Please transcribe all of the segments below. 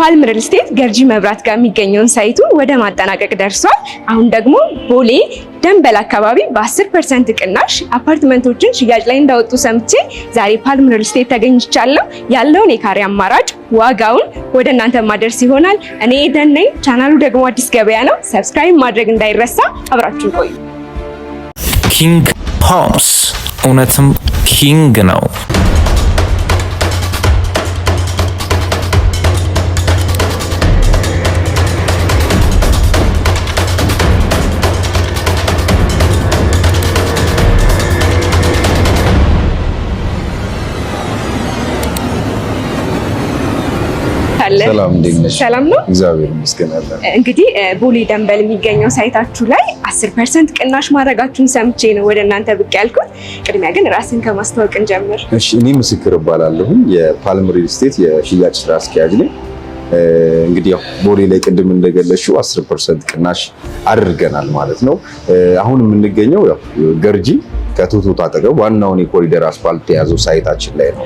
ፓልም ሪል ስቴት ገርጂ መብራት ጋር የሚገኘውን ሳይቱን ወደ ማጠናቀቅ ደርሷል። አሁን ደግሞ ቦሌ ደንበል አካባቢ በ10 ፐርሰንት ቅናሽ አፓርትመንቶችን ሽያጭ ላይ እንዳወጡ ሰምቼ ዛሬ ፓልም ሪል ስቴት ተገኝቻለሁ። ያለውን የካሬ አማራጭ ዋጋውን ወደ እናንተ ማድረስ ይሆናል። እኔ ኤደን ነኝ። ቻናሉ ደግሞ አዲስ ገበያ ነው። ሰብስክራይብ ማድረግ እንዳይረሳ። አብራችሁ ቆዩ። ኪንግ ሆምስ እውነትም ኪንግ ነው። አለ። ሰላም ነው፣ እግዚአብሔር ይመስገን። እንግዲህ ቦሌ ደንበል የሚገኘው ሳይታችሁ ላይ 10% ቅናሽ ማድረጋችሁን ሰምቼ ነው ወደ እናንተ ብቅ ያልኩት። ቅድሚያ ግን ራስን ከማስተዋወቅ እንጀምር። እሺ፣ እኔ ምስክር እባላለሁ የፓልም ሪል ስቴት የሽያጭ ስራ አስኪያጅ ነኝ። እንግዲህ ያው ቦሌ ላይ ቅድም እንደገለሽው 10% ቅናሽ አድርገናል ማለት ነው። አሁን የምንገኘው ያው ገርጂ ከቱቱት አጠገብ ዋናውን የኮሪደር አስፋልት የያዘው ሳይታችን ላይ ነው።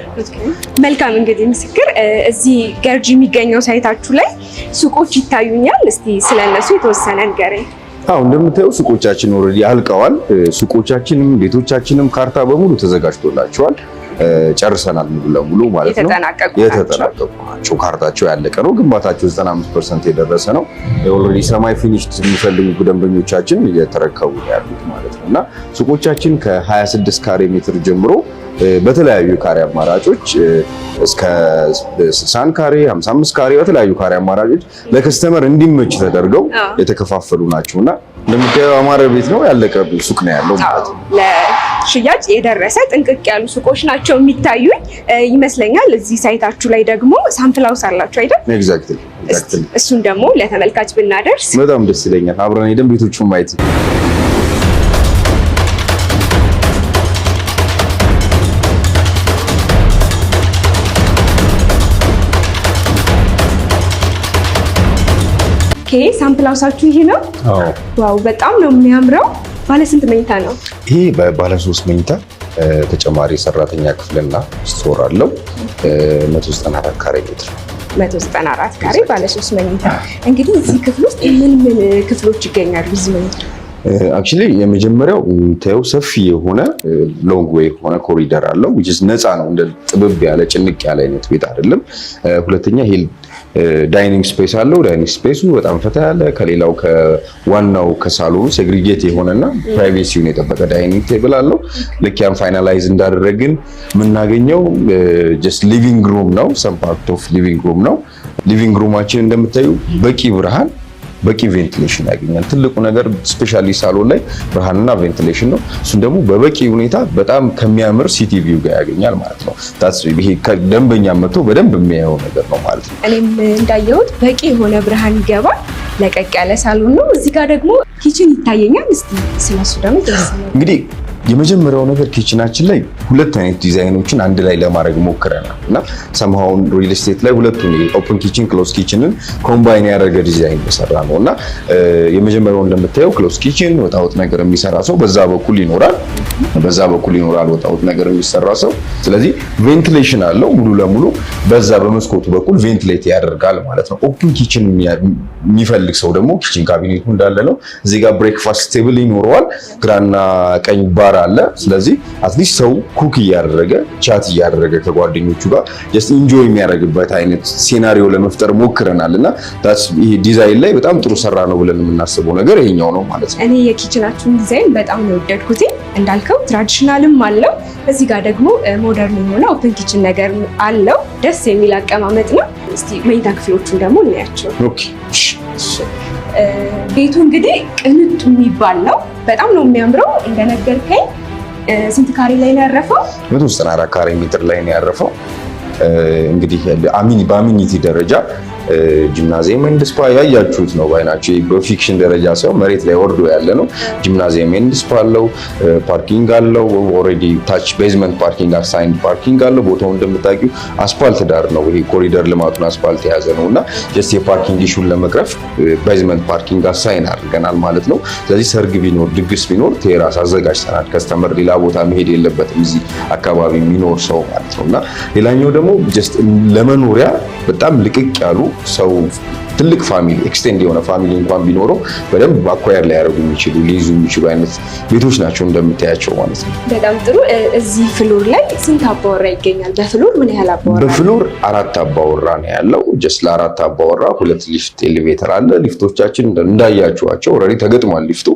መልካም እንግዲህ ምስክር፣ እዚህ ገርጂ የሚገኘው ሳይታችሁ ላይ ሱቆች ይታዩኛል። እስቲ ስለነሱ የተወሰነ ንገረኝ። አሁን እንደምታየው ሱቆቻችን ኦልሬዲ አልቀዋል። ሱቆቻችንም ቤቶቻችንም ካርታ በሙሉ ተዘጋጅቶላቸዋል። ጨርሰናል ሙሉ ለሙሉ ማለት ነው። የተጠናቀቁ ናቸው። ካርታቸው ያለቀ ነው። ግንባታቸው 95 ፐርሰንት የደረሰ ነው። ኦልሬዲ ሰማይ ፊኒሽድ የሚፈልጉ ደንበኞቻችን እየተረከቡ ያሉት ማለት ነው እና ሱቆቻችን ከ26 ካሬ ሜትር ጀምሮ በተለያዩ ካሬ አማራጮች እስከ 60 ካሬ፣ 55 ካሬ በተለያዩ ካሬ አማራጮች ለከስተመር እንዲመች ተደርገው የተከፋፈሉ ናቸውና እንደምታየው አማረ ቤት ነው ያለቀ ሱቅ ነው ያለው ማለት ነው። ሽያጭ የደረሰ ጥንቅቅ ያሉ ሱቆች ናቸው የሚታዩኝ ይመስለኛል። እዚህ ሳይታችሁ ላይ ደግሞ ሳምፕላውስ አላችሁ አይደል? እሱን ደግሞ ለተመልካች ብናደርስ በጣም ደስ ይለኛል። አብረን ሄደን ቤቶቹን ማየት ኦኬ ሳምፕል ሀውሳችሁ ይሄ ነው። ዋው በጣም ነው የሚያምረው። ባለስንት መኝታ ነው ይሄ? ባለ መኝታ ተጨማሪ ሰራተኛ ክፍልና ስቶር አለው። 194 ካሬ ሜትር 194 ካሬ ባለ መኝታ። እንግዲህ እዚህ ክፍል ውስጥ ምን ምን ክፍሎች ይገኛሉ? እዚህ መኝታ አክቹሊ የመጀመሪያው የምታየው ሰፊ የሆነ ሎንግ ዌይ የሆነ ኮሪደር አለው ዊች ኢዝ ነፃ ነው። እንደ ጥብብ ያለ ጭንቅ ያለ አይነት ቤት አይደለም። ሁለተኛ ይሄ ዳይኒንግ ስፔስ አለው። ዳይኒንግ ስፔሱ በጣም ፈታ ያለ ከሌላው ከዋናው ከሳሎኑ ሴግሪጌት የሆነና ፕራይቬሲውን የጠበቀ ዳይኒንግ ቴብል አለው። ልክ ያን ፋይናላይዝ እንዳደረግን የምናገኘው ጀስት ሊቪንግ ሩም ነው። ሰም ፓርት ኦፍ ሊቪንግ ሩም ነው። ሊቪንግ ሩማችን እንደምታዩ በቂ ብርሃን በቂ ቬንቲሌሽን ያገኛል። ትልቁ ነገር ስፔሻሊ ሳሎን ላይ ብርሃንና ቬንቲሌሽን ነው። እሱን ደግሞ በበቂ ሁኔታ በጣም ከሚያምር ሲቲ ቪው ጋር ያገኛል ማለት ነው። ይሄ ከደንበኛ መጥቶ በደንብ የሚያየው ነገር ነው ማለት ነው። እኔም እንዳየሁት በቂ የሆነ ብርሃን ይገባል። ለቀቅ ያለ ሳሎን ነው። እዚህ ጋር ደግሞ ኪችን ይታየኛል። ስለሱ ደግሞ እንግዲህ የመጀመሪያው ነገር ኪችናችን ላይ ሁለት አይነት ዲዛይኖችን አንድ ላይ ለማድረግ ሞክረናል እና ሰምሃውን ሪል ስቴት ላይ ሁለቱን ኦፕን ኪችን፣ ክሎዝ ኪችንን ኮምባይን ያደረገ ዲዛይን የሰራ ነው እና የመጀመሪያው እንደምታየው ክሎዝ ኪችን ወጣወጥ ነገር የሚሰራ ሰው በዛ በኩል ይኖራል፣ በዛ በኩል ይኖራል ወጣወጥ ነገር የሚሰራ ሰው። ስለዚህ ቬንቲሌሽን አለው ሙሉ ለሙሉ በዛ በመስኮቱ በኩል ቬንትሌት ያደርጋል ማለት ነው። ኦፕን ኪችን የሚፈልግ ሰው ደግሞ ኪችን ካቢኔቱ እንዳለ ነው። እዚህ ጋር ብሬክፋስት ቴብል ይኖረዋል ግራና ቀኝ ባር አማራ አለ። ስለዚህ አትሊስት ሰው ኩክ እያደረገ ቻት እያደረገ ከጓደኞቹ ጋር ጀስት ኢንጆይ የሚያደርግበት አይነት ሴናሪዮ ለመፍጠር ሞክረናል እና ይሄ ዲዛይን ላይ በጣም ጥሩ ሰራ ነው ብለን የምናስበው ነገር ይሄኛው ነው ማለት ነው። እኔ የኪችናችሁን ዲዛይን በጣም ነው የወደድኩት። እንዳልከው ትራዲሽናልም አለው እዚህ ጋር ደግሞ ሞደርን የሆነ ኦፕን ኪችን ነገር አለው። ደስ የሚል አቀማመጥ ነው። እስቲ መኝታ ክፍሎቹን ደግሞ እናያቸው። ቤቱ እንግዲህ ቅንጡ የሚባል ነው። በጣም ነው የሚያምረው። እንደነገርከኝ ስንት ካሬ ላይ ነው ያረፈው? መቶ ካሬ ሜትር ላይ ነው ያረፈው። እንግዲህ በአሚኒቲ ደረጃ ጂምናዚየም ኤንድ ስፓ ያያችሁት ነው ባይናችሁ። በፊክሽን ደረጃ ሳይሆን መሬት ላይ ወርዶ ያለ ነው። ጂምናዚየም ኤንድ ስፓ አለው፣ ፓርኪንግ አለው። ኦልሬዲ ታች ቤዝመንት ፓርኪንግ አሳይንድ ፓርኪንግ አለው። ቦታው እንደምታውቂው አስፋልት ዳር ነው። ይሄ ኮሪደር ልማቱን አስፋልት የያዘ ነው እና ጀስት የፓርኪንግ ኢሹን ለመቅረፍ ቤዝመንት ፓርኪንግ አሳይን አድርገናል ማለት ነው። ስለዚህ ሰርግ ቢኖር ድግስ ቢኖር ቴራስ አዘጋጅተናል። ከስተመር ሌላ ቦታ መሄድ የለበትም እዚህ አካባቢ የሚኖር ሰው ማለት ነው እና ሌላኛው ደግሞ ጀስት ለመኖሪያ በጣም ልቅቅ ያሉ ሰው ትልቅ ፋሚሊ ኤክስቴንድ የሆነ ፋሚሊ እንኳን ቢኖረው በደንብ አኳየር ሊያደርጉ የሚችሉ ሊይዙ የሚችሉ አይነት ቤቶች ናቸው እንደምታያቸው ማለት ነው። በጣም ጥሩ። እዚህ ፍሎር ላይ ስንት አባወራ ይገኛል? በፍሎር ምን ያህል አባወራ? በፍሎር አራት አባወራ ነው ያለው። ጀስ ለአራት አባወራ ሁለት ሊፍት ኤሌቬተር አለ። ሊፍቶቻችን እንዳያችኋቸው ኦልሬዲ ተገጥሟል። ሊፍቱ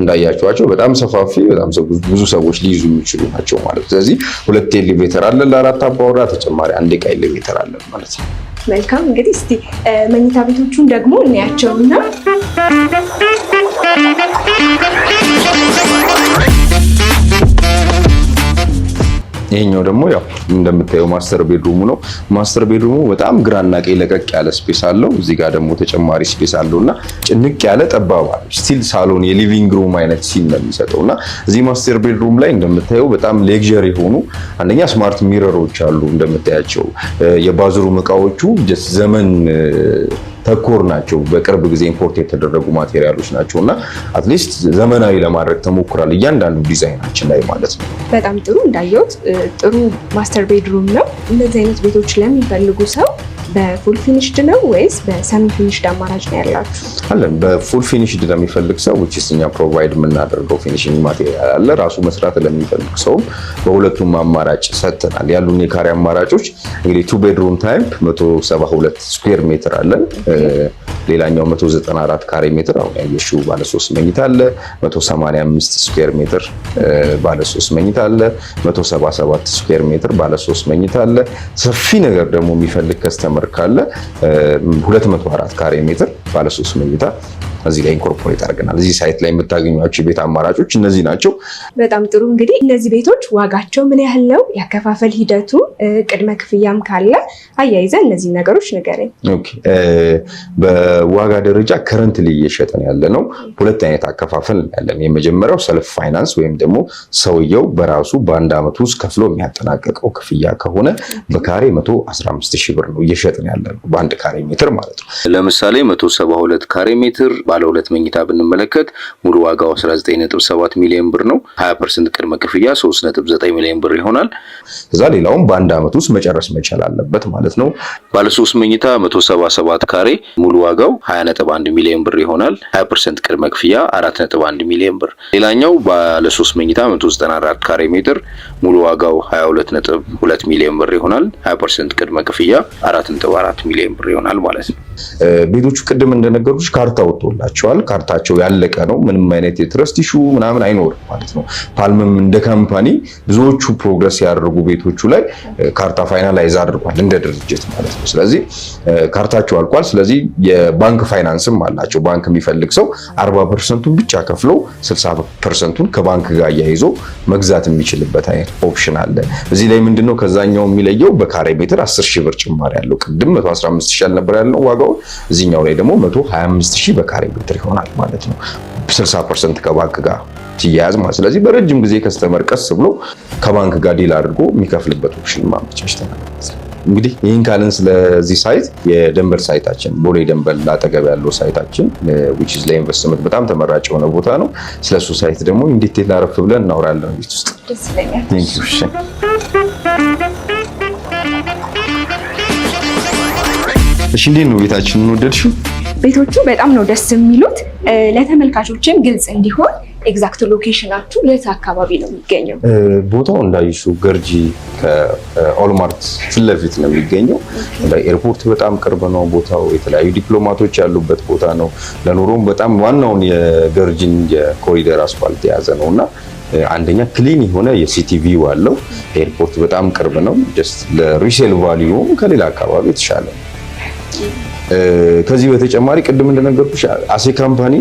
እንዳያችኋቸው በጣም ሰፋፊ፣ በጣም ብዙ ሰዎች ሊይዙ የሚችሉ ናቸው ማለት። ስለዚህ ሁለት ኤሌቬተር አለ ለአራት አባወራ፣ ተጨማሪ አንድ ዕቃ ኤሌቬተር አለ ማለት ነው። መልካም እንግዲህ እስቲ መኝታ ቤቶቹን ደግሞ እናያቸውና ይሄኛው ደግሞ ያው እንደምታየው ማስተር ቤድሩሙ ነው። ማስተር ቤድሩሙ በጣም ግራና ቀኝ ለቀቅ ያለ ስፔስ አለው። እዚህ ጋር ደግሞ ተጨማሪ ስፔስ አለውና ጭንቅ ያለ ጠባብ ስቲል ሳሎን የሊቪንግ ሩም አይነት ሲል ነው የሚሰጠውና እዚህ ማስተር ቤድሩም ላይ እንደምታየው በጣም ሌክዠሪ የሆኑ አንደኛ ስማርት ሚረሮች አሉ እንደምታያቸው የባዝሩም እቃዎቹ ዘመን ተኮር ናቸው። በቅርብ ጊዜ ኢምፖርት የተደረጉ ማቴሪያሎች ናቸው እና አትሊስት ዘመናዊ ለማድረግ ተሞክሯል እያንዳንዱ ዲዛይናችን ላይ ማለት ነው። በጣም ጥሩ እንዳየሁት ጥሩ ማስተር ቤድሩም ነው። እንደዚህ አይነት ቤቶች ለሚፈልጉ ሰው በፉል ፊኒሽድ ነው ወይስ በሰሚ ፊኒሽድ አማራጭ ነው ያላችሁ? አለን። በፉል ፊኒሽድ ለሚፈልግ ሰው ውጭ እኛ ፕሮቫይድ የምናደርገው ፊኒሽንግ ማቴሪያል አለ። ራሱ መስራት ለሚፈልግ ሰውም በሁለቱም አማራጭ ሰጥተናል። ያሉን የካሬ አማራጮች እንግዲህ ቱ ቤድሩም ታይም 172 ስኩዌር ሜትር አለን ሌላኛው 194 ካሬ ሜትር አሁን ያየሽው ባለ 3 መኝታ አለ። 185 ስኩዌር ሜትር ባለ 3 መኝታ አለ። 177 ስኩዌር ሜትር ባለ 3 መኝታ አለ። ሰፊ ነገር ደግሞ የሚፈልግ ከስተመር ካለ 204 ካሬ ሜትር ባለ 3 መኝታ እዚህ ላይ ኢንኮርፖሬት አድርገናል። እዚህ ሳይት ላይ የምታገኟቸው የቤት አማራጮች እነዚህ ናቸው። በጣም ጥሩ። እንግዲህ እነዚህ ቤቶች ዋጋቸው ምን ያህል ነው? ያከፋፈል ሂደቱ፣ ቅድመ ክፍያም ካለ አያይዘ እነዚህ ነገሮች ንገረኝ። በዋጋ ደረጃ ከረንትሊ እየሸጠን ያለ ነው። ሁለት አይነት አከፋፈል ያለን። የመጀመሪያው ሰልፍ ፋይናንስ ወይም ደግሞ ሰውየው በራሱ በአንድ አመት ውስጥ ከፍሎ የሚያጠናቀቀው ክፍያ ከሆነ በካሬ 115 ሺህ ብር ነው እየሸጥን ያለ ነው፣ በአንድ ካሬ ሜትር ማለት ነው። ለምሳሌ 172 ካሬ ሜትር ባለ ሁለት መኝታ ብንመለከት ሙሉ ዋጋው 19.7 ሚሊዮን ብር ነው። 20% ቅድመ ክፍያ 3.9 ሚሊዮን ብር ይሆናል። ከዛ ሌላውም በአንድ አመት ውስጥ መጨረስ መቻል አለበት ማለት ነው። ባለ 3 መኝታ 177 ካሬ ሙሉ ዋጋው 20.1 ሚሊዮን ብር ይሆናል። 20% ቅድመ ክፍያ 4.1 ሚሊዮን ብር። ሌላኛው ባለ 3 መኝታ 194 ካሬ ሜትር ሙሉ ዋጋው 22.2 ሚሊዮን ብር ይሆናል። 20% ቅድመ ክፍያ 4.4 ሚሊዮን ብር ይሆናል ማለት ነው። ቤቶቹ ቅድም እንደነገርኩሽ ካርታ ወጥቶላቸዋል። ካርታቸው ያለቀ ነው። ምንም አይነት የትረስት ኢሹ ምናምን አይኖርም ማለት ነው። ፓልምም እንደ ካምፓኒ ብዙዎቹ ፕሮግረስ ያደርጉ ቤቶቹ ላይ ካርታ ፋይናላይዝ አድርጓል እንደ ድርጅት ማለት ነው። ስለዚህ ካርታቸው አልቋል። ስለዚህ የባንክ ፋይናንስም አላቸው። ባንክ የሚፈልግ ሰው 40 ፐርሰንቱን ብቻ ከፍሎ 60 ፐርሰንቱን ከባንክ ጋር አያይዞ መግዛት የሚችልበት አይነት ኦፕሽን አለ። እዚህ ላይ ምንድነው ከዛኛው የሚለየው? በካሬ ሜትር 10 ሺህ ብር ጭማሪ ያለው ቅድም 115 ሺህ አልነበር ያለው ዋጋው፣ እዚኛው ላይ ደግሞ 125 ሺህ በካሬ ሜትር ይሆናል ማለት ነው 60% ከባንክ ጋር ሲያያዝ ማለት ስለዚህ በረጅም ጊዜ ከስተመር ቀስ ብሎ ከባንክ ጋር ዲል አድርጎ የሚከፍልበት ኦፕሽን ማመቻችተናል ማለት ነው። እንግዲህ ይህን ካልን ስለዚህ ሳይት የደንበል ሳይታችን ቦሌ ደንበል አጠገብ ያለው ሳይታችን ዊች ኢዝ ለኢንቨስትመንት በጣም ተመራጭ የሆነ ቦታ ነው። ስለሱ ሳይት ደግሞ እንዴት ላረፍ ብለን እናውራለን ቤት ውስጥ እሺ እንዴት ነው ቤታችን እንወደድሽው? ቤቶቹ በጣም ነው ደስ የሚሉት። ለተመልካቾችም ግልጽ እንዲሆን ኤግዛክት ሎኬሽናችሁ የት አካባቢ ነው የሚገኘው? ቦታው እንዳይሹ ገርጂ ከኦልማርት ፊት ለፊት ነው የሚገኘው። ኤርፖርት በጣም ቅርብ ነው ቦታው። የተለያዩ ዲፕሎማቶች ያሉበት ቦታ ነው። ለኑሮም በጣም ዋናውን የገርጂን የኮሪደር አስፋልት የያዘ ነው እና አንደኛ ክሊን የሆነ ቪው አለው። ኤርፖርት በጣም ቅርብ ነው። ጀስት ለሪሴል ቫሊዩም ከሌላ አካባቢ የተሻለ ነው። ከዚህ በተጨማሪ ቅድም እንደነገርኩሽ አሴ ካምፓኒ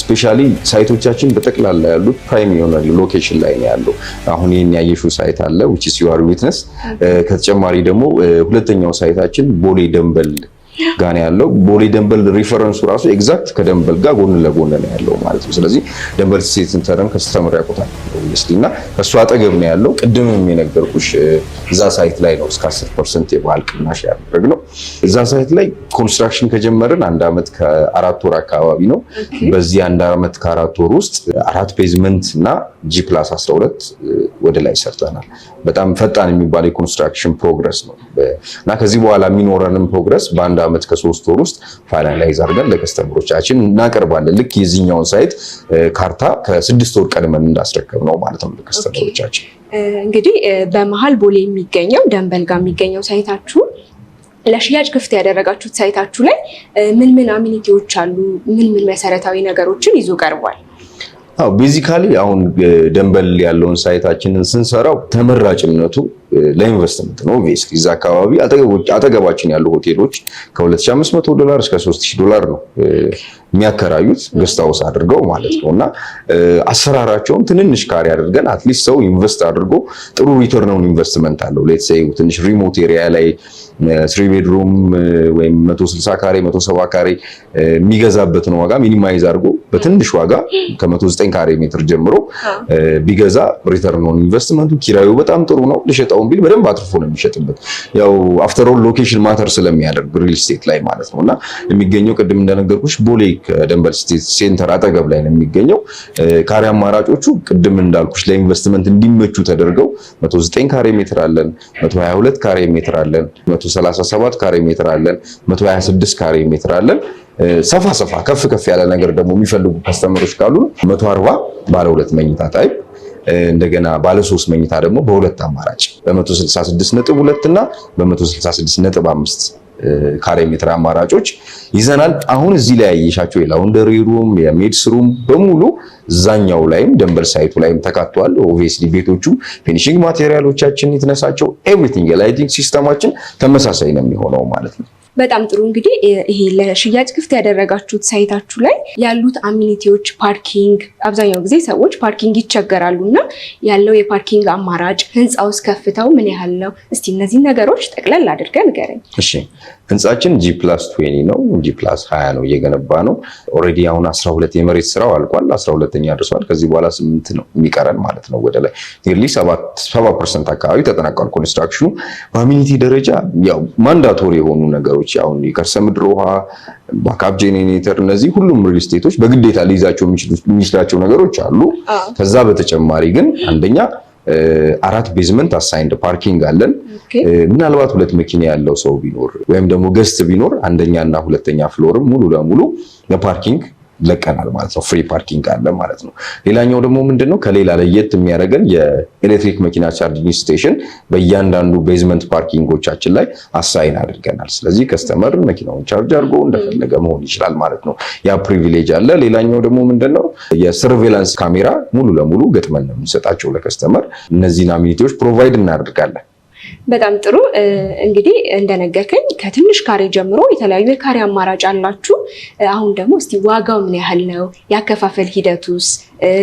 ስፔሻሊ ሳይቶቻችን በጠቅላላ ያሉት ፕራይም የሆነ ሎኬሽን ላይ ነው ያለው። አሁን ይህን ያየሹ ሳይት አለ ዊች ኢዝ ዩአር ዊትነስ። ከተጨማሪ ደግሞ ሁለተኛው ሳይታችን ቦሌ ደንበል ጋር ያለው ቦሌ ደንበል ሪፈረንሱ ራሱ ኤግዛክት ከደንበል ጋር ጎን ለጎን ነው ያለው ማለት ነው። ስለዚህ ደንበል ስቴት ሴንተርን ከስተመር ያውቁታል። የሚመስል እና እሱ አጠገብ ነው ያለው። ቅድምም የነገርኩሽ እዛ ሳይት ላይ ነው እስከ 10 ፐርሰንት የባህል ቅናሽ ያደረግነው። እዛ ሳይት ላይ ኮንስትራክሽን ከጀመርን አንድ ዓመት ከአራት ወር አካባቢ ነው። በዚህ አንድ ዓመት ከአራት ወር ውስጥ አራት ቤዝመንት እና ጂ ፕላስ 12 ወደ ላይ ሰርተናል። በጣም ፈጣን የሚባል የኮንስትራክሽን ፕሮግረስ ነው እና ከዚህ በኋላ የሚኖረንም ፕሮግረስ በአንድ ዓመት ከሶስት ወር ውስጥ ፋይናላይዝ አድርገን ለከስተምሮቻችን እናቀርባለን። ልክ የዚህኛውን ሳይት ካርታ ከስድስት ወር ቀድመን እንዳስረከብ ነው ነው ማለት ነው ለከስተመሮቻችን። እንግዲህ በመሀል ቦሌ የሚገኘው ደንበል ጋር የሚገኘው ሳይታችሁ ለሽያጭ ክፍት ያደረጋችሁት ሳይታችሁ ላይ ምን ምን አሚኒቲዎች አሉ? ምን ምን መሰረታዊ ነገሮችን ይዞ ቀርቧል? አዎ ቤዚካሊ አሁን ደንበል ያለውን ሳይታችንን ስንሰራው ተመራጭነቱ ለኢንቨስትመንት ነው። ኦብቪየስሊ እዛ አካባቢ አጠገባችን ያሉ ሆቴሎች ከ2500 ዶላር እስከ 3000 ዶላር ነው የሚያከራዩት ገስት አድርገው ማለት ነው። እና አሰራራቸውን ትንንሽ ካሬ አድርገን አትሊስት ሰው ኢንቨስት አድርጎ ጥሩ ሪተርን ኦን ኢንቨስትመንት አለው። ሌትስ ሴይ ትንሽ ሪሞት ኤሪያ ላይ ስሪ ቤድሩም ወይም 160 ካሬ 170 ካሬ የሚገዛበትን ዋጋ ሚኒማይዝ አድርጎ በትንሽ ዋጋ ከ109 ካሬ ሜትር ጀምሮ ቢገዛ ሪተርን ኦን ኢንቨስትመንቱ ኪራዩ በጣም ጥሩ ነው። ልሸጠውን ቢል በደንብ አትርፎ ነው የሚሸጥበት። ያው አፍተር ኦል ሎኬሽን ማተር ስለሚያደርግ ሪል ስቴት ላይ ማለት ነው እና የሚገኘው ቅድም እንደነገርኩሽ ቦሌ ከደንበል ስቴት ሴንተር አጠገብ ላይ ነው የሚገኘው። ካሬ አማራጮቹ ቅድም እንዳልኩሽ ለኢንቨስትመንት እንዲመቹ ተደርገው 109 ካሬ ሜትር አለን፣ 122 ካሬ ሜትር አለን 137 ካሬ ሜትር አለን፣ 126 ካሬ ሜትር አለን። ሰፋ ሰፋ ከፍ ከፍ ያለ ነገር ደግሞ የሚፈልጉ ከስተመሮች ካሉ 140 ባለ ሁለት መኝታ ታይፕ እንደገና ባለ ሶስት መኝታ ደግሞ በሁለት አማራጭ በ166 ነጥብ ሁለት እና በ166 ነጥብ አምስት ካሬ ሜትር አማራጮች ይዘናል። አሁን እዚህ ላይ ያየሻቸው የላውንደሪ ሩም፣ የሜድስ ሩም በሙሉ እዛኛው ላይም ደንበር ሳይቱ ላይም ተካቷል። ኦብቪየስሊ ቤቶቹ ፊኒሺንግ ማቴሪያሎቻችን የተነሳቸው ኤቭሪቲንግ የላይቲንግ ሲስተማችን ተመሳሳይ ነው የሚሆነው ማለት ነው። በጣም ጥሩ እንግዲህ ይሄ ለሽያጭ ክፍት ያደረጋችሁት ሳይታችሁ ላይ ያሉት አሚኒቲዎች ፓርኪንግ አብዛኛው ጊዜ ሰዎች ፓርኪንግ ይቸገራሉ እና ያለው የፓርኪንግ አማራጭ ህንፃ ውስጥ ከፍተው ምን ያህል ነው? እስቲ እነዚህ ነገሮች ጠቅለል አድርገን ንገረኝ። እሺ ህንፃችን ጂ ፕላስ ትዌኒ ነው ጂ ፕላስ ሀያ ነው እየገነባ ነው። ኦልሬዲ አሁን አስራ ሁለት የመሬት ስራው አልቋል። አስራ ሁለተኛ ደርሷል። ከዚህ በኋላ ስምንት ነው የሚቀረን ማለት ነው። ወደ ላይ ኒርሊ ሰባ ፐርሰንት አካባቢ ተጠናቋል ኮንስትራክሽኑ። በአሚኒቲ ደረጃ ያው ማንዳቶሪ የሆኑ ነገሮች አሁን የከርሰ ምድር ውሃ ባካፕ ጄኔሬተር፣ እነዚህ ሁሉም ሪል ስቴቶች በግዴታ ሊይዛቸው የሚችላቸው ነገሮች አሉ። ከዛ በተጨማሪ ግን አንደኛ አራት ቤዝመንት አሳይንድ ፓርኪንግ አለን። ምናልባት ሁለት መኪና ያለው ሰው ቢኖር ወይም ደግሞ ገስት ቢኖር አንደኛ እና ሁለተኛ ፍሎርም ሙሉ ለሙሉ ለፓርኪንግ ለቀናል ማለት ነው። ፍሪ ፓርኪንግ አለ ማለት ነው። ሌላኛው ደግሞ ምንድን ነው ከሌላ ለየት የሚያደርገን የኤሌክትሪክ መኪና ቻርጅንግ ስቴሽን በእያንዳንዱ ቤዝመንት ፓርኪንጎቻችን ላይ አሳይን አድርገናል። ስለዚህ ከስተመር መኪናውን ቻርጅ አድርጎ እንደፈለገ መሆን ይችላል ማለት ነው። ያ ፕሪቪሌጅ አለ። ሌላኛው ደግሞ ምንድን ነው የሰርቬላንስ ካሜራ ሙሉ ለሙሉ ገጥመን ነው የምንሰጣቸው ለከስተመር። እነዚህን አሚኒቲዎች ፕሮቫይድ እናደርጋለን። በጣም ጥሩ እንግዲህ እንደነገርከኝ ከትንሽ ካሬ ጀምሮ የተለያዩ የካሬ አማራጭ አላችሁ። አሁን ደግሞ እስቲ ዋጋው ምን ያህል ነው? የአከፋፈል ሂደቱስ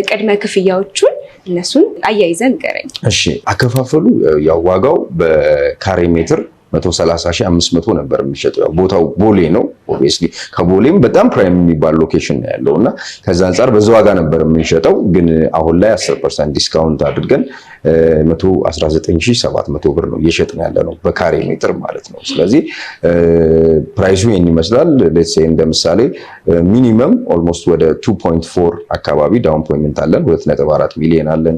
ቅድመ ክፍያዎቹን እነሱን አያይዘን ንገረኝ። እሺ፣ አከፋፈሉ ያው ዋጋው በካሬ ሜትር 130,500 ነበር የሚሸጠው። ቦታው ቦሌ ነው። ኦብቪስሊ ከቦሌም በጣም ፕራይም የሚባል ሎኬሽን ነው ያለው እና ከዛ አንጻር በዛ ዋጋ ነበር የምንሸጠው። ግን አሁን ላይ 10% ዲስካውንት አድርገን 119700 ብር ነው እየሸጥን ያለ ነው በካሬ ሜትር ማለት ነው። ስለዚህ ፕራይሱ ይህን ይመስላል። ሌትስ ሴይ እንደምሳሌ ሚኒመም ኦልሞስት ወደ 2.4 አካባቢ ዳውን ፔመንት አለን። 2.4 ሚሊዮን አለን።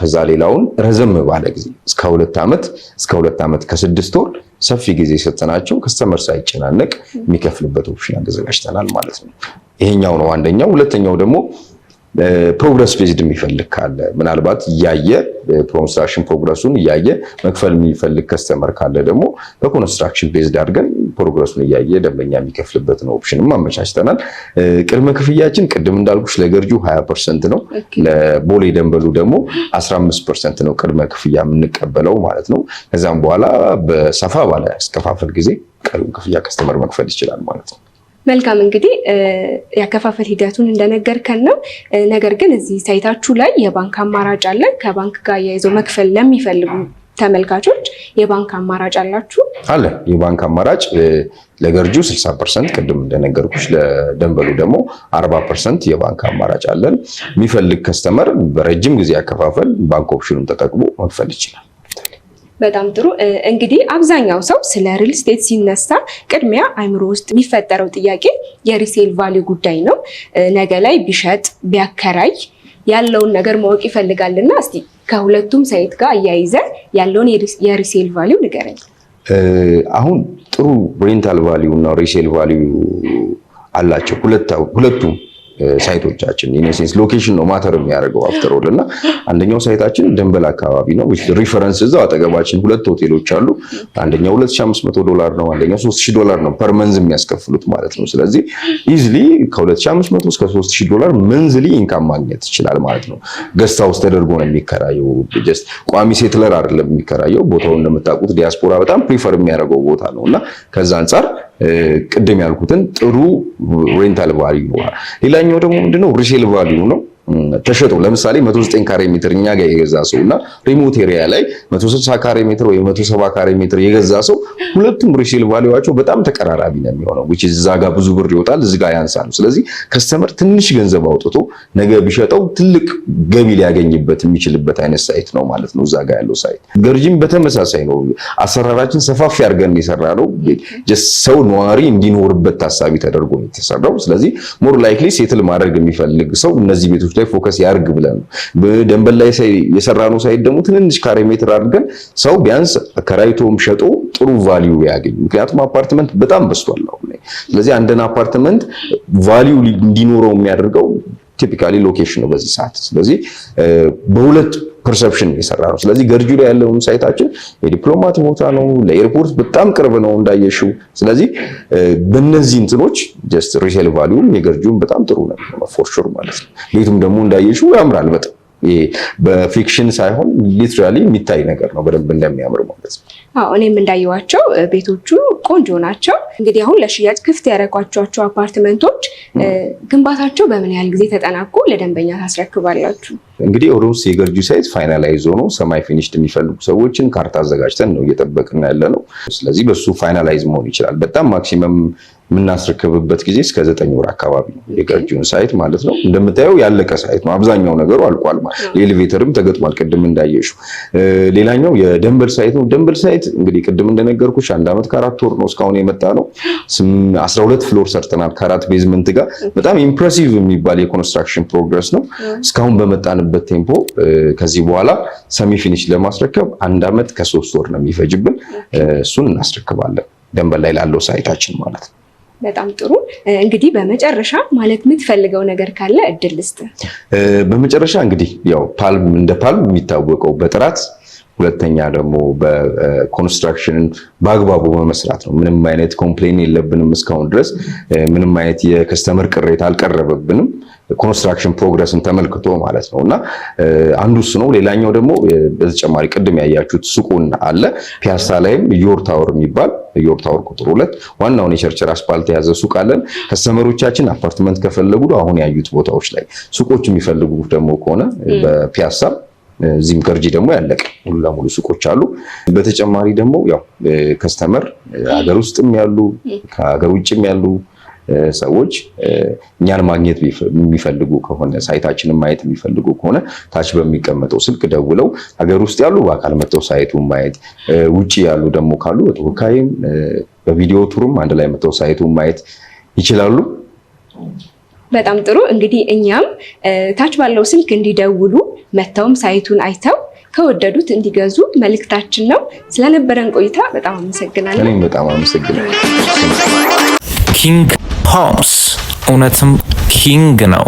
ከዛ ሌላውን ረዘም ባለ ጊዜ እስከ ሁለት ዓመት እስከ ሁለት ዓመት ከስድስት ወር ሰፊ ጊዜ ሰጠናቸው። ከስተመር ሳይጨናነቅ የሚከፍልበት ኦፕሽን አዘጋጅተናል ማለት ነው። ይሄኛው ነው አንደኛው። ሁለተኛው ደግሞ ፕሮግረስ ቤዝድ የሚፈልግ ካለ ምናልባት እያየ ኮንስትራክሽን ፕሮግረሱን እያየ መክፈል የሚፈልግ ከስተመር ካለ ደግሞ በኮንስትራክሽን ቤዝድ አድርገን ፕሮግረሱን እያየ ደንበኛ የሚከፍልበትን ኦፕሽንም አመቻችተናል። ቅድመ ክፍያችን ቅድም እንዳልኩሽ ለገርጁ 20 ፐርሰንት ነው። ለቦሌ ደንበሉ ደግሞ 15 ፐርሰንት ነው ቅድመ ክፍያ የምንቀበለው ማለት ነው። ከዛም በኋላ በሰፋ ባለ አስከፋፈል ጊዜ ቀሪውን ክፍያ ከስተመር መክፈል ይችላል ማለት ነው። መልካም እንግዲህ ያከፋፈል ሂደቱን እንደነገርከን ነው። ነገር ግን እዚህ ሳይታችሁ ላይ የባንክ አማራጭ አለ። ከባንክ ጋር አያይዞ መክፈል ለሚፈልጉ ተመልካቾች የባንክ አማራጭ አላችሁ? አለ። የባንክ አማራጭ ለገርጁ 60 ፐርሰንት ቅድም እንደነገርኩሽ ለደንበሉ ደግሞ 40 ፐርሰንት የባንክ አማራጭ አለን። የሚፈልግ ከስተመር በረጅም ጊዜ ያከፋፈል ባንክ ኦፕሽኑን ተጠቅሞ መክፈል ይችላል። በጣም ጥሩ እንግዲህ አብዛኛው ሰው ስለ ሪል ስቴት ሲነሳ ቅድሚያ አይምሮ ውስጥ የሚፈጠረው ጥያቄ የሪሴል ቫሊዩ ጉዳይ ነው። ነገ ላይ ቢሸጥ ቢያከራይ ያለውን ነገር ማወቅ ይፈልጋል እና እስቲ ከሁለቱም ሳይት ጋር እያይዘ ያለውን የሪሴል ቫሊዩ ንገረኝ። አሁን ጥሩ ሬንታል ቫሊዩ እና ሪሴል ቫሊዩ አላቸው ሁለቱም ሳይቶቻችን ኢንሴንስ ሎኬሽን ነው ማተር የሚያደርገው ኦል እና አንደኛው ሳይታችን ደንበል አካባቢ ነው። ሪፈረንስ እዛው አጠገባችን ሁለት ሆቴሎች አሉ። አንደኛው 2500 ዶላር ነው፣ አንደኛው 3000 ዶላር ነው ፐር መንዝ የሚያስከፍሉት ማለት ነው። ስለዚህ ኢዝሊ ከ2500 እስከ 3000 ዶላር መንዝሊ ኢንካም ማግኘት ይችላል ማለት ነው። ገስታ ውስጥ ተደርጎ ነው የሚከራየው። ጀስት ቋሚ ሴትለር አይደለም የሚከራየው። ቦታውን እንደምታውቁት ዲያስፖራ በጣም ፕሪፈር የሚያደርገው ቦታ ነው እና ከዛ አንጻር ቅድም ያልኩትን ጥሩ ሬንታል ቫሊዩ ሌላኛው ደግሞ ምንድነው ሪሴል ቫሊዩ ነው። ተሸጡ ለምሳሌ 109 ካሬ ሜትር እኛ ጋር የገዛ ሰው እና ሪሞት ኤሪያ ላይ 160 ካሬ ሜትር ወይ 170 ካሬ ሜትር የገዛ ሰው ሁለቱም ሪሴል ቫሊዋቸው በጣም ተቀራራቢ ነው የሚሆነው። which is እዛ ጋር ብዙ ብር ይወጣል፣ እዚህ ጋር ነው ስለዚህ ከስተመር ትንሽ ገንዘብ አውጥቶ ነገ ቢሸጠው ትልቅ ገቢ ሊያገኝበት የሚችልበት አይነት ሳይት ነው ማለት ነው። እዛ ጋር ያለው ሳይት ገርጂም በተመሳሳይ ነው። አሰራራችን ሰፋፊ አድርገን የሰራ ነው። ሰው ነዋሪ እንዲኖርበት ታሳቢ ተደርጎ ነው የተሰራው። ስለዚህ ሞር ላይክሊ ሴትል ማድረግ የሚፈልግ ሰው እነዚህ ቤቶች ፕሮጀክቶች ላይ ፎከስ ያርግ ብለን ነው። ደንበል ላይ የሰራነው ሳይት ደግሞ ትንንሽ ካሬ ሜትር አድርገን ሰው ቢያንስ ከራይቶም ሸጦ ጥሩ ቫሊዩ ያገኝ። ምክንያቱም አፓርትመንት በጣም በስቷል አሁን ላይ። ስለዚህ አንድን አፓርትመንት ቫሊዩ እንዲኖረው የሚያደርገው ቲፒካሊ ሎኬሽን ነው በዚህ ሰዓት። ስለዚህ በሁለት ፐርሰፕሽን የሰራ ነው። ስለዚህ ገርጁ ላይ ያለውን ሳይታችን የዲፕሎማት ቦታ ነው፣ ለኤርፖርት በጣም ቅርብ ነው እንዳየሽው። ስለዚህ በእነዚህ እንትኖች ጀስት ሪሴል ቫሊዩም የገርጂውን በጣም ጥሩ ነው ፎር ሹር ማለት ነው። ቤቱም ደግሞ እንዳየሽው ያምራል በጣም ይሄ በፊክሽን ሳይሆን ሊትራሊ የሚታይ ነገር ነው በደንብ እንደሚያምር ማለት ነው። አዎ እኔም እንዳየዋቸው ቤቶቹ ቆንጆ ናቸው። እንግዲህ አሁን ለሽያጭ ክፍት ያደረጓቸዋቸው አፓርትመንቶች ግንባታቸው በምን ያህል ጊዜ ተጠናቆ ለደንበኛ ታስረክባላችሁ? እንግዲህ ኦልሞስት የገርጁ ሳይዝ ፋይናላይዝ ሆኖ ሰማይ ፊኒሽድ የሚፈልጉ ሰዎችን ካርታ አዘጋጅተን ነው እየጠበቅን ያለ ነው። ስለዚህ በሱ ፋይናላይዝ መሆን ይችላል። በጣም ማክሲመም የምናስረክብበት ጊዜ እስከ ዘጠኝ ወር አካባቢ ነው። የገርጁን ሳይት ማለት ነው። እንደምታየው ያለቀ ሳይት ነው። አብዛኛው ነገሩ አልቋል። የኤሌቬተርም ተገጥሟል ቅድም እንዳየሹ። ሌላኛው የደንበል ሳይት ነው። ደንበል ሳይት እንግዲህ ቅድም እንደነገርኩሽ አንድ ዓመት ከአራት ወር ነው እስካሁን የመጣ ነው። አስራ ሁለት ፍሎር ሰርተናል ከአራት ቤዝመንት ጋር በጣም ኢምፕሬሲቭ የሚባል የኮንስትራክሽን ፕሮግረስ ነው እስካሁን በመጣንበት ባለንበት ቴምፖ ከዚህ በኋላ ሰሚ ፊኒሽ ለማስረከብ አንድ አመት ከሶስት ወር ነው የሚፈጅብን። እሱን እናስረክባለን ደንበል ላይ ላለው ሳይታችን ማለት ነው። በጣም ጥሩ እንግዲህ በመጨረሻ ማለት የምትፈልገው ነገር ካለ እድል ልስጥ። በመጨረሻ እንግዲህ ያው ፓልም እንደ ፓልም የሚታወቀው በጥራት ሁለተኛ ደግሞ በኮንስትራክሽንን በአግባቡ በመስራት ነው። ምንም አይነት ኮምፕሌን የለብንም እስካሁን ድረስ ምንም አይነት የከስተመር ቅሬታ አልቀረበብንም። ኮንስትራክሽን ፕሮግረስን ተመልክቶ ማለት ነው እና አንዱ እሱ ነው። ሌላኛው ደግሞ በተጨማሪ ቅድም ያያችሁት ሱቁን አለ ፒያሳ ላይም ዮር ታወር የሚባል ዮር ታወር ቁጥር ሁለት ዋናውን የቸርቸር አስፓልት የያዘ ሱቅ አለን። ከስተመሮቻችን አፓርትመንት ከፈለጉ አሁን ያዩት ቦታዎች ላይ ሱቆች የሚፈልጉ ደግሞ ከሆነ በፒያሳ እዚህም ከርጂ ደግሞ ያለቀ ሙሉ ለሙሉ ሱቆች አሉ። በተጨማሪ ደግሞ ያው ከስተመር ሀገር ውስጥም ያሉ ከሀገር ውጭም ያሉ ሰዎች እኛን ማግኘት የሚፈልጉ ከሆነ ሳይታችንን ማየት የሚፈልጉ ከሆነ ታች በሚቀመጠው ስልክ ደውለው ሀገር ውስጥ ያሉ በአካል መጥተው ሳይቱን ማየት፣ ውጭ ያሉ ደግሞ ካሉ በተወካይም በቪዲዮ ቱርም አንድ ላይ መጥተው ሳይቱን ማየት ይችላሉ። በጣም ጥሩ። እንግዲህ እኛም ታች ባለው ስልክ እንዲደውሉ መጥተውም ሳይቱን አይተው ከወደዱት እንዲገዙ መልእክታችን ነው። ስለነበረን ቆይታ በጣም አመሰግናለሁ። እኔም በጣም አመሰግናለሁ። ኪንግ ፖምስ እውነትም ኪንግ ነው።